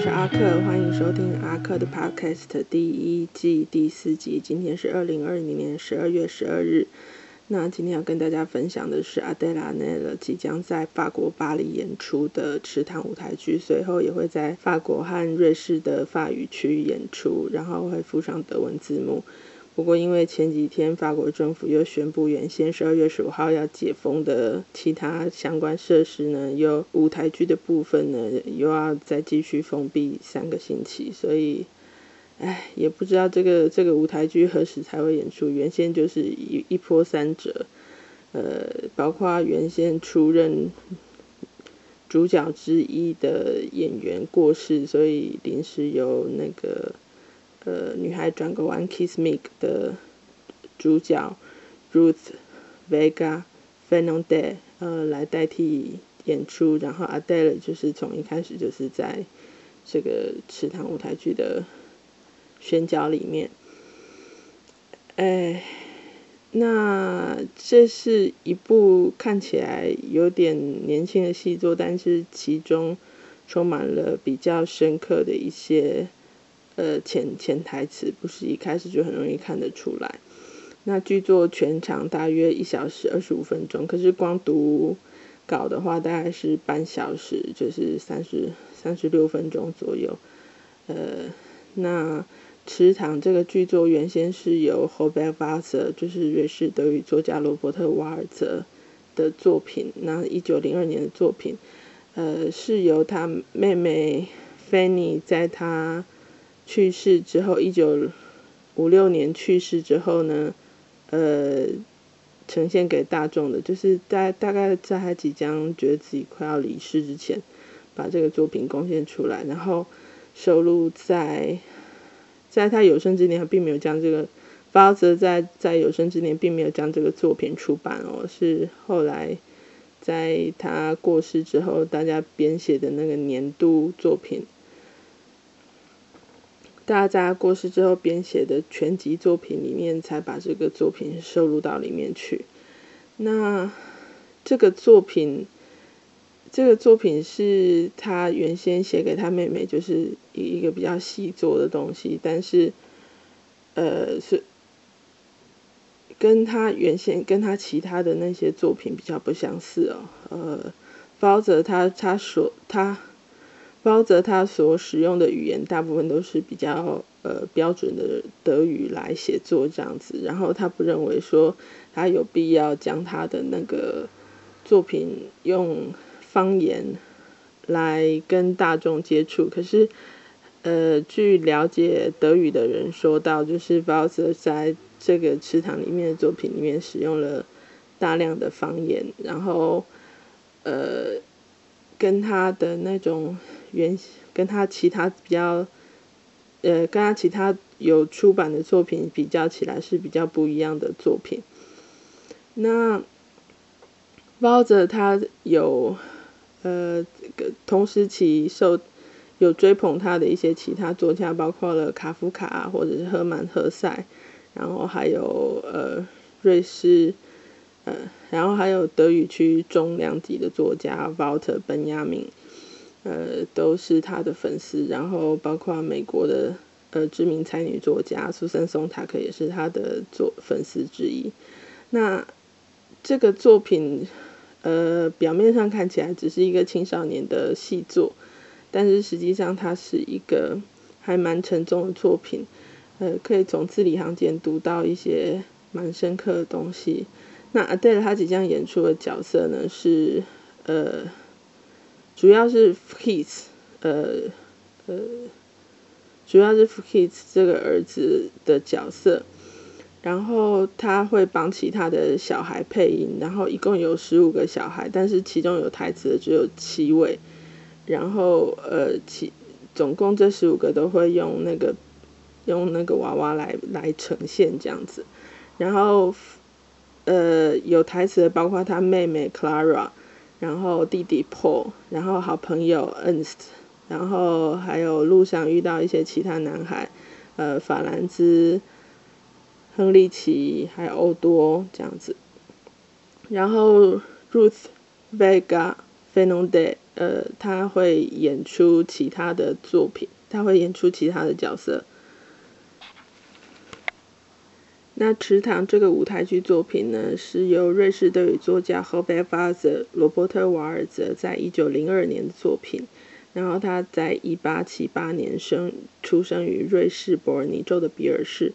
我是阿克，歡迎收聽阿克的 Podcast 第一季第四集。今天是二零二零年十二月十二日，那今天要跟大家分享的是 Adèle Haenel 即將在法國巴黎演出的池塘舞台劇，隨後也會在法國和瑞士的法語區演出，然後會附上德文字幕。不過，因為前幾天法國政府又宣布，原先十二月十五號要解封的其他相關設施呢，有舞台劇的部分呢，又要再繼續封閉三個星期，所以，唉，也不知道這個這個舞台劇何時才會演出。原先就是一一波三折，呃，包括原先出任主角之一的演員過世，所以臨時由那個。呃，女孩轉過彎 kiss me 的主角 Ruth Vega Fernandez 呃，來代替演出，然後 Adèle 就是從一開始就是在這個池塘舞台劇的選角裡面。哎，那這是一部看起來有點年輕的戲作，但是其中充滿了比較深刻的一些。呃，潛潛台詞不是一開始就很容易看得出來。那劇作全長大約一小時二十五分鐘，可是光讀稿的話大概是半小時，就是三十三十六分鐘左右。呃，那《池塘》這個劇作原先是由侯貝爾瓦澤，就是瑞士德語作家羅伯特瓦爾澤的作品，那一九零二年的作品，呃，是由他妹妹 Fanny 在他去世之後，一九五六年去世之後呢，呃，呈現給大眾的，就是在大概在他即將覺得自己快要離世之前，把這個作品貢獻出來，然後收錄在，在他有生之年他並沒有將這個，瓦爾澤在在有生之年並沒有將這個作品出版哦，是後來在他過世之後，大家編寫的那個年度作品。大家過世之後編寫的全集作品裡面，才把這個作品收錄到裡面去。那這個作品，這個作品是他原先寫給他妹妹，就是一一個比較細作的東西。但是，呃，是跟他原先跟他其他的那些作品比較不相似哦。呃，包括他他說他。他所他包澤他所使用的語言大部分都是比較呃標準的德語來寫作這樣子，然後他不認為說他有必要將他的那個作品用方言來跟大眾接觸。可是呃，據了解，德語的人說到，就是包澤在這個池塘裡面的作品裡面使用了大量的方言，然後呃，跟他的那種。原跟他其他比較，呃，跟他其他有出版的作品比較起來是比較不一樣的作品。那 Walser 他有呃，同時期受有追捧他的一些其他作家，包括了卡夫卡或者是赫曼·赫塞，然後還有呃，瑞士，呃，然後還有德語區重量級的作家瓦爾特·本雅明。呃，都是他的粉絲，然後包括美國的呃知名才女作家蘇珊·松塔克，也是他的作粉絲之一。那這個作品，呃，表面上看起來只是一個青少年的戲作，但是實際上它是一個還蠻沉重的作品，呃，可以從字裡行間讀到一些蠻深刻的東西。那 Adèle，他即將演出的角色呢是呃。主要是 Fritz 呃、呃，主要是 Fritz 這個兒子的角色，然後他會幫其他的小孩配音，然後一共有十五個小孩，但是其中有台詞的只有七位，然後呃，其總共這十五個都會用那個用那個娃娃來來呈現這樣子，然後呃有台詞的包括他妹妹 Clara。然後弟弟 Paul，然後好朋友 Ernst，然後還有路上遇到一些其他男孩，呃，法蘭茲、亨利奇，還有歐多這樣子。然後 Ruth Vega Fernandez，呃，他會演出其他的作品，他會演出其他的角色。那《池塘》這個舞台劇作品呢，是由瑞士德語作家 Robert Walser 羅伯特·瓦爾澤在一九零二年的作品。然後他在一八七八年生，出生於瑞士伯爾尼州的比爾市。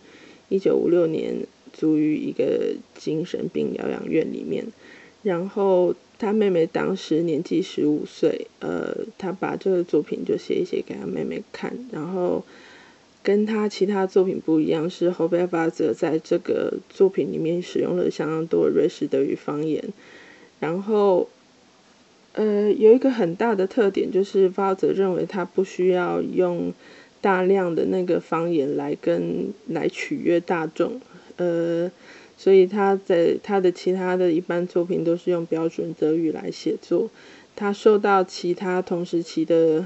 一九五六年卒於一個精神病療養院裡面。然後他妹妹當時年紀十五歲，呃，他把這個作品就寫一寫給他妹妹看，然後。跟他其他作品不一樣，是後貝爾瓦澤在這個作品裡面使用了相當多的瑞士德語方言。然後，呃，有一個很大的特點就是，瓦澤認為他不需要用大量的那個方言來跟來取悅大眾。呃，所以他在他的其他的一般作品都是用標準德語來寫作。他受到其他同時期的。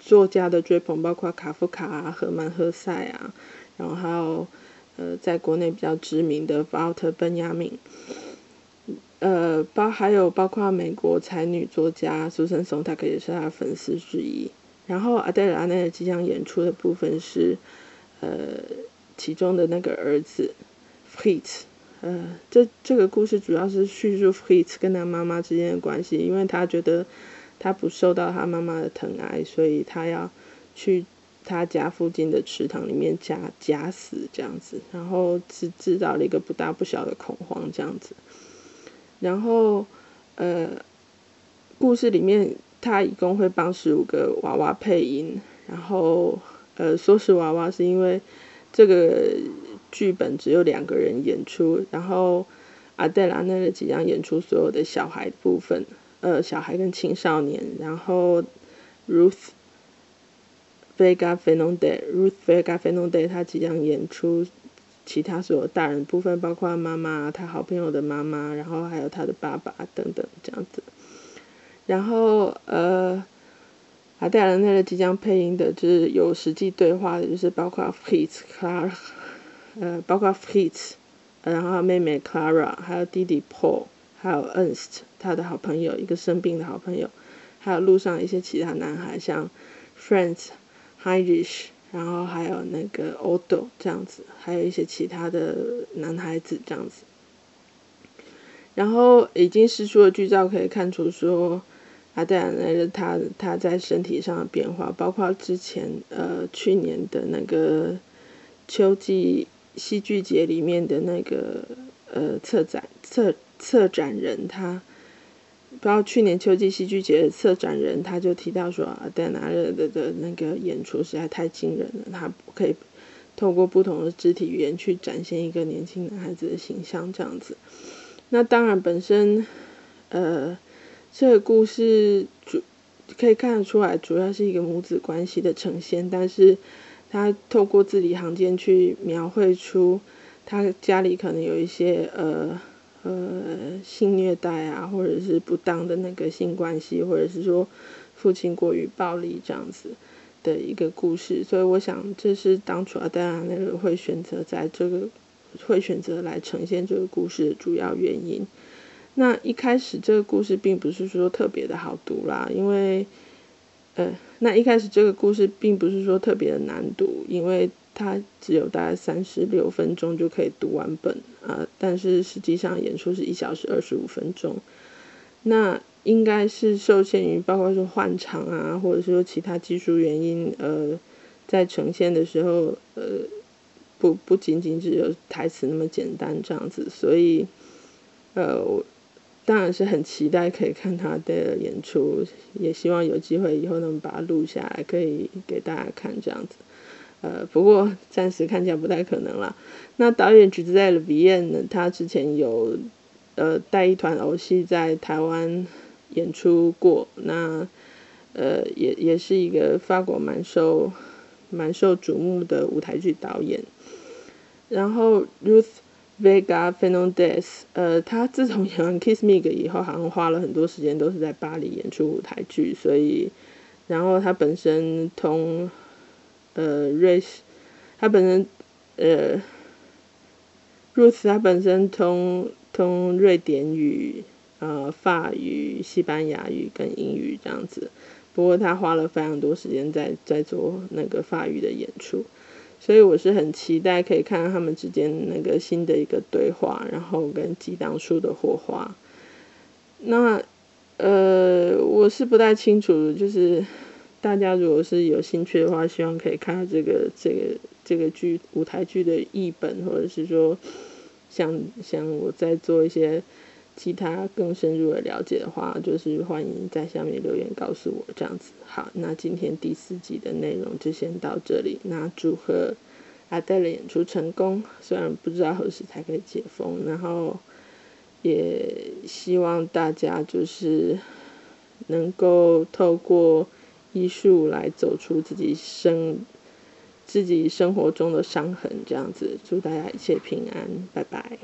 作家的追捧，包括卡夫卡啊、赫曼·赫塞啊，然後呃，在國內比較知名的華特·班雅明，呃，包還有包括美國才女作家蘇珊·桑塔格，她也是他的粉絲之一。然後阿黛爾·阿奈爾即將演出的部分是呃，其中的那個兒子弗里茨，呃，這這個故事主要是敘述弗里茨跟他媽媽之間的關係，因為他覺得。他不受到他媽媽的疼愛，所以他要去他家附近的池塘裡面假假死這樣子，然後製，製造了一個不大不小的恐慌這樣子。然後，呃，故事裡面他一共會幫十五個娃娃配音，然後呃，說是娃娃是因為這個劇本只有兩個人演出，然後阿黛拉那個即將演出所有的小孩的部分。呃，小孩跟青少年，然後 Ruth Vega Fernandez，Ruth Vega Fernandez，她即將演出其他所有大人部分，包括媽媽、她好朋友的媽媽，然後還有她的爸爸等等這樣子。然後呃，Adèle Haenel 即將配音的就是有實際對話的，就是包括 Fritz、Clara，呃，包括 Fritz，然後妹妹 Clara，還有弟弟 Paul。還有 Ernst，他的好朋友，一個生病的好朋友，還有路上一些其他男孩，像 Franz、Heinrich，然後還有那個 Otto 這樣子，還有一些其他的男孩子這樣子。然後已經釋出的劇照可以看出說，說阿黛爾她她在身體上的變化，包括之前呃去年的那個秋季戲劇節裡面的那個呃策展策。策展人他，不知道去年秋季戲劇節的策展人他就提到說，Adèle Haenel 的的那個演出實在太驚人了。他可以透過不同的肢體語言去展現一個年輕男孩子的形象，這樣子。那當然，本身呃，這個故事主可以看得出來，主要是一個母子關係的呈現。但是，他透過字裡行間去描繪出他家裡可能有一些呃。呃，性虐待啊，或者是不當的那個性關係，或者是說父親過於暴力這樣子的一個故事，所以我想這是當初啊，大家那個會選擇在這個會選擇來呈現這個故事的主要原因。那一開始這個故事並不是說特別的好讀啦，因為呃，那一開始這個故事並不是說特別的難讀，因為。他只有大概三十六分鐘就可以讀完本啊，但是實際上演出是一小時二十五分鐘。那應該是受限於，包括說換場啊，或者說其他技術原因，呃，在呈現的時候，呃，不不僅僅只有台詞那麼簡單這樣子。所以，呃，我當然是很期待可以看他的演出，也希望有機會以後能把它錄下來，可以給大家看這樣子。呃，不過暫時看起來不太可能啦。那導演 Gisèle Vienne，他之前有呃帶一團偶戲在台灣演出過，那呃也也是一個法國蠻受蠻受矚目的舞台劇導演。然後 Ruth Vega Fernandez，呃，他自從演完《Kiss Me》以後，好像花了很多時間都是在巴黎演出舞台劇，所以然後他本身通。呃，瑞士，他本身，呃，Ruth 他本身通通瑞典語、呃、法語、西班牙語跟英語這樣子。不過他花了非常多時間在在做那個法語的演出，所以我是很期待可以看到他們之間那個新的一個對話，然後跟激盪出的火花。那呃，我是不太清楚，就是。大家如果是有興趣的話，希望可以看到這個、這個、這個劇舞台劇的譯本，或者是說，想想我再做一些其他更深入的了解的話，就是歡迎在下面留言告訴我。這樣子，好，那今天第四集的內容就先到這裡。那祝賀阿黛的演出成功，雖然不知道何時才可以解封，然後也希望大家就是能夠透過。醫術來走出自己生，自己生活中的傷痕，這樣子。祝大家一切平安，拜拜。